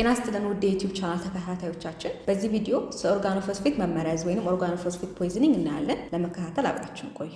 ጤና ስትልን ውድ የዩቲዩብ ቻናል ተከታታዮቻችን በዚህ ቪዲዮ ስለ ኦርጋኖፎስፌት መመረዝ ወይም ኦርጋኖፎስፌት ፖይዝኒንግ እናያለን። ለመከታተል አብራችን ቆዩ።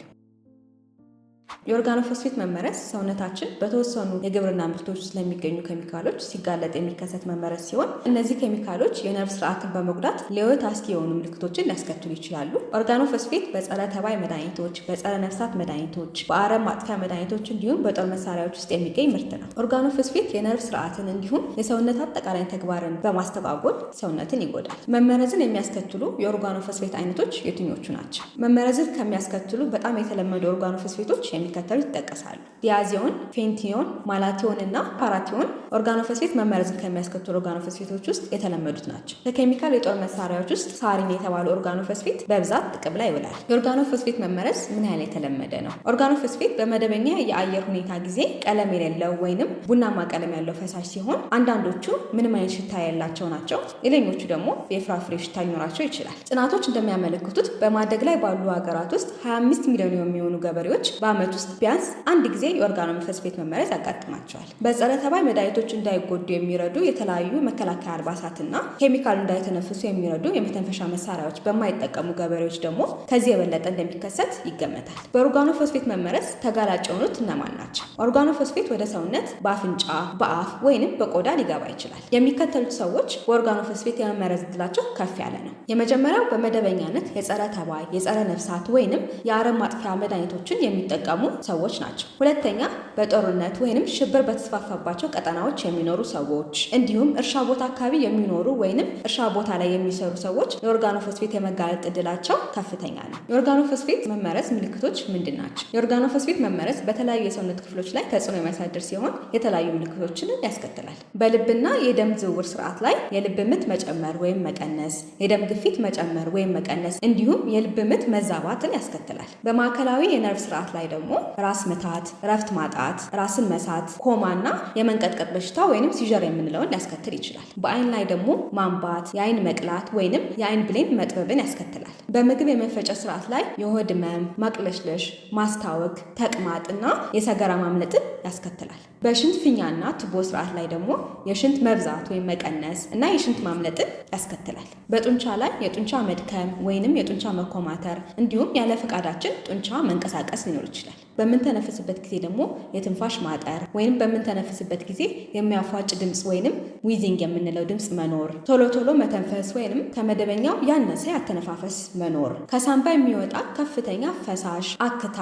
የኦርጋኖፎስፌት መመረስ ሰውነታችን በተወሰኑ የግብርና ምርቶች ውስጥ ለሚገኙ ኬሚካሎች ሲጋለጥ የሚከሰት መመረስ ሲሆን እነዚህ ኬሚካሎች የነርቭ ስርዓትን በመጉዳት ለህይወት አስጊ የሆኑ ምልክቶችን ሊያስከትሉ ይችላሉ። ኦርጋኖፎስፌት በጸረ ተባይ መድኃኒቶች፣ በጸረ ነፍሳት መድኃኒቶች፣ በአረም ማጥፊያ መድኃኒቶች እንዲሁም በጦር መሳሪያዎች ውስጥ የሚገኝ ምርት ነው። ኦርጋኖፎስፌት የነርቭ ስርዓትን እንዲሁም የሰውነት አጠቃላይ ተግባርን በማስተጓጎል ሰውነትን ይጎዳል። መመረዝን የሚያስከትሉ የኦርጋኖፎስፌት አይነቶች የትኞቹ ናቸው? መመረዝን ከሚያስከትሉ በጣም የተለመዱ ኦርጋኖፎስፌቶች የሚ እንደሚከተሉት ይጠቀሳሉ። ዲያዚዮን፣ ፌንቲዮን፣ ማላቲዮን እና ፓራቲዮን ኦርጋኖፎስፌት መመረዝን ከሚያስከትሉ ኦርጋኖፎስፌቶች ውስጥ የተለመዱት ናቸው። ከኬሚካል የጦር መሳሪያዎች ውስጥ ሳሪን የተባለ ኦርጋኖፎስፌት በብዛት ጥቅም ላይ ይውላል። የኦርጋኖፎስፌት መመረዝ ምን ያህል የተለመደ ነው? ኦርጋኖፎስፌት በመደበኛ የአየር ሁኔታ ጊዜ ቀለም የሌለው ወይንም ቡናማ ቀለም ያለው ፈሳሽ ሲሆን አንዳንዶቹ ምንም አይነት ሽታ ያላቸው ናቸው። ሌሎቹ ደግሞ የፍራፍሬ ሽታ ሊኖራቸው ይችላል። ጥናቶች እንደሚያመለክቱት በማደግ ላይ ባሉ ሀገራት ውስጥ 25 ሚሊዮን የሚሆኑ ገበሬዎች በአመቱ ውስጥ ቢያንስ አንድ ጊዜ የኦርጋኖ መንፈስ ቤት መመረዝ ያጋጥማቸዋል። በጸረ ተባይ መድኃኒቶች እንዳይጎዱ የሚረዱ የተለያዩ መከላከያ አልባሳትና ኬሚካሉ እንዳይተነፍሱ የሚረዱ የመተንፈሻ መሳሪያዎች በማይጠቀሙ ገበሬዎች ደግሞ ከዚህ የበለጠ እንደሚከሰት ይገመታል። በኦርጋኖ ፎስፌት መመረዝ ተጋላጭ የሆኑት እነማን ናቸው? ኦርጋኖ ፎስፌት ወደ ሰውነት በአፍንጫ በአፍ ወይንም በቆዳ ሊገባ ይችላል። የሚከተሉት ሰዎች በኦርጋኖ ፎስፌት የመመረዝ እድላቸው ከፍ ያለ ነው። የመጀመሪያው በመደበኛነት የጸረ ተባይ፣ የጸረ ነፍሳት ወይንም የአረም ማጥፊያ መድኃኒቶችን የሚጠቀሙ ሰዎች ናቸው። ሁለተኛ በጦርነት ወይንም ሽብር በተስፋፋባቸው ቀጠናዎች የሚኖሩ ሰዎች እንዲሁም እርሻ ቦታ አካባቢ የሚኖሩ ወይንም እርሻ ቦታ ላይ የሚሰሩ ሰዎች የኦርጋኖፎስፌት የመጋለጥ እድላቸው ከፍተኛ ነው። የኦርጋኖፎስፌት መመረስ መመረዝ ምልክቶች ምንድን ናቸው? የኦርጋኖ ፎስፌት መመረዝ በተለያዩ የሰውነት ክፍሎች ላይ ተጽዕኖ የሚያሳድር ሲሆን የተለያዩ ምልክቶችን ያስከትላል። በልብና የደም ዝውውር ስርዓት ላይ የልብ ምት መጨመር ወይም መቀነስ፣ የደም ግፊት መጨመር ወይም መቀነስ እንዲሁም የልብ ምት መዛባትን ያስከትላል። በማዕከላዊ የነርቭ ስርዓት ላይ ደግሞ ሲሆን ራስ ምታት፣ እረፍት ማጣት፣ ራስን መሳት፣ ኮማ እና የመንቀጥቀጥ በሽታ ወይንም ሲዥር የምንለውን ሊያስከትል ይችላል። በአይን ላይ ደግሞ ማንባት፣ የአይን መቅላት ወይንም የአይን ብሌን መጥበብን ያስከትላል። በምግብ የመፈጨ ስርዓት ላይ የሆድ ህመም፣ ማቅለሽለሽ፣ ማስታወክ፣ ተቅማጥ እና የሰገራ ማምለጥን ያስከትላል። በሽንት ፊኛና ቱቦ ስርዓት ላይ ደግሞ የሽንት መብዛት ወይም መቀነስ እና የሽንት ማምለጥን ያስከትላል። በጡንቻ ላይ የጡንቻ መድከም ወይንም የጡንቻ መኮማተር እንዲሁም ያለ ፈቃዳችን ጡንቻ መንቀሳቀስ ሊኖር ይችላል። በምንተነፍስበት ጊዜ ደግሞ የትንፋሽ ማጠር ወይም በምንተነፍስበት ጊዜ የሚያፏጭ ድምፅ ወይንም ዊዚንግ የምንለው ድምፅ መኖር፣ ቶሎ ቶሎ መተንፈስ ወይንም ከመደበኛው ያነሰ ያተነፋፈስ መኖር፣ ከሳንባ የሚወጣ ከፍተኛ ፈሳሽ፣ አክታ፣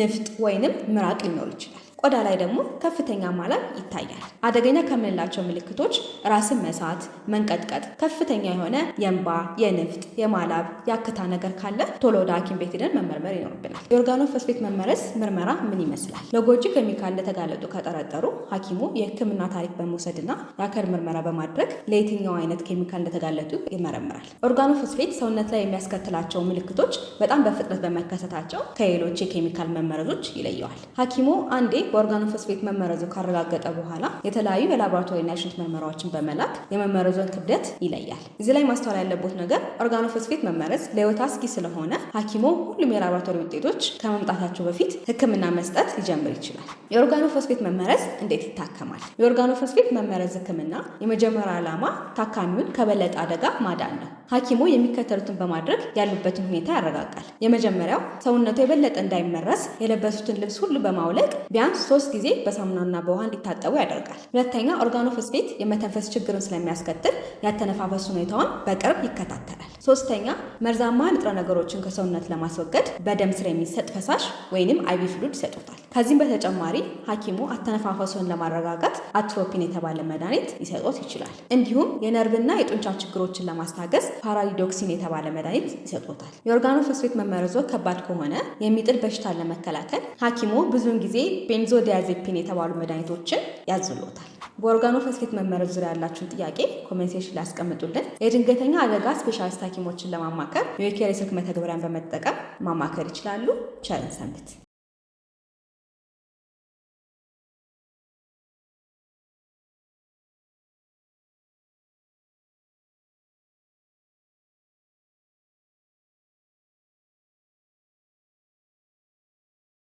ንፍጥ ወይንም ምራቅ ሊኖር ይችላል። ቆዳ ላይ ደግሞ ከፍተኛ ማላም ይታያል። አደገኛ ከምንላቸው ምልክቶች ራስን መሳት፣ መንቀጥቀጥ፣ ከፍተኛ የሆነ የእንባ፣ የንፍጥ፣ የማላብ፣ የአክታ ነገር ካለ ቶሎ ወደ ሐኪም ቤት ሄደን መመርመር ይኖርብናል። የኦርጋኖፎስፌት መመረዝ ምርመራ ምን ይመስላል? ለጎጂ ኬሚካል እንደተጋለጡ ከጠረጠሩ ሐኪሙ የህክምና ታሪክ በመውሰድና የአካል ምርመራ በማድረግ ለየትኛው አይነት ኬሚካል እንደተጋለጡ ይመረምራል። ኦርጋኖፎስፌት ሰውነት ላይ የሚያስከትላቸው ምልክቶች በጣም በፍጥነት በመከሰታቸው ከሌሎች የኬሚካል መመረዞች ይለየዋል። ሐኪሙ አንዴ በኦርጋኖፎስፌት መመረዙ ካረጋገጠ በኋላ የተለያዩ የላቦራቶሪና የሽንት ምርመራዎችን በመላክ የመመረዙን ክብደት ይለያል። እዚህ ላይ ማስተዋል ያለቦት ነገር ኦርጋኖፎስፌት መመረዝ ለህይወት አስጊ ስለሆነ ሐኪሞ ሁሉም የላቦራቶሪ ውጤቶች ከመምጣታቸው በፊት ህክምና መስጠት ሊጀምር ይችላል። የኦርጋኖፎስፌት መመረዝ እንዴት ይታከማል? የኦርጋኖፎስፌት መመረዝ ህክምና የመጀመሪያ ዓላማ ታካሚውን ከበለጠ አደጋ ማዳን ነው። ሐኪሙ የሚከተሉትን በማድረግ ያሉበትን ሁኔታ ያረጋጋል። የመጀመሪያው ሰውነቱ የበለጠ እንዳይመረስ የለበሱትን ልብስ ሁሉ በማውለቅ ቢያንስ ሶስት ጊዜ በሳሙናና በውሃ እንዲታጠቡ ያደርጋል። ሁለተኛ ኦርጋኖ ፍስፌት የመተንፈስ ችግርን ስለሚያስከትል ያተነፋፈስ ሁኔታውን በቅርብ ይከታተላል። ሶስተኛ መርዛማ ንጥረ ነገሮችን ከሰውነት ለማስወገድ በደም ስር የሚሰጥ ፈሳሽ ወይንም አይቪ ፍሉድ ይሰጡታል። ከዚህም በተጨማሪ ሐኪሙ አተነፋፈሶን ለማረጋጋት አትሮፒን የተባለ መድኃኒት ሊሰጦት ይችላል። እንዲሁም የነርቭና የጡንቻ ችግሮችን ለማስታገስ ፓራሊዶክሲን የተባለ መድኃኒት ይሰጦታል። የኦርጋኖ ፎስፌት መመረዞ ከባድ ከሆነ የሚጥል በሽታን ለመከላከል ሐኪሙ ብዙውን ጊዜ ቤንዞዲያዜፒን የተባሉ መድኃኒቶችን ያዝሎታል። በኦርጋኖ ፈስፌት መመረዝ ዙሪያ ያላችሁን ጥያቄ ኮሜንት ላይ ያስቀምጡልን። የድንገተኛ አደጋ ስፔሻሊስት ሐኪሞችን ለማማከር የኬር የስልክ መተግበሪያን በመጠቀም ማማከር ይችላሉ። ቸርን ሰንብት።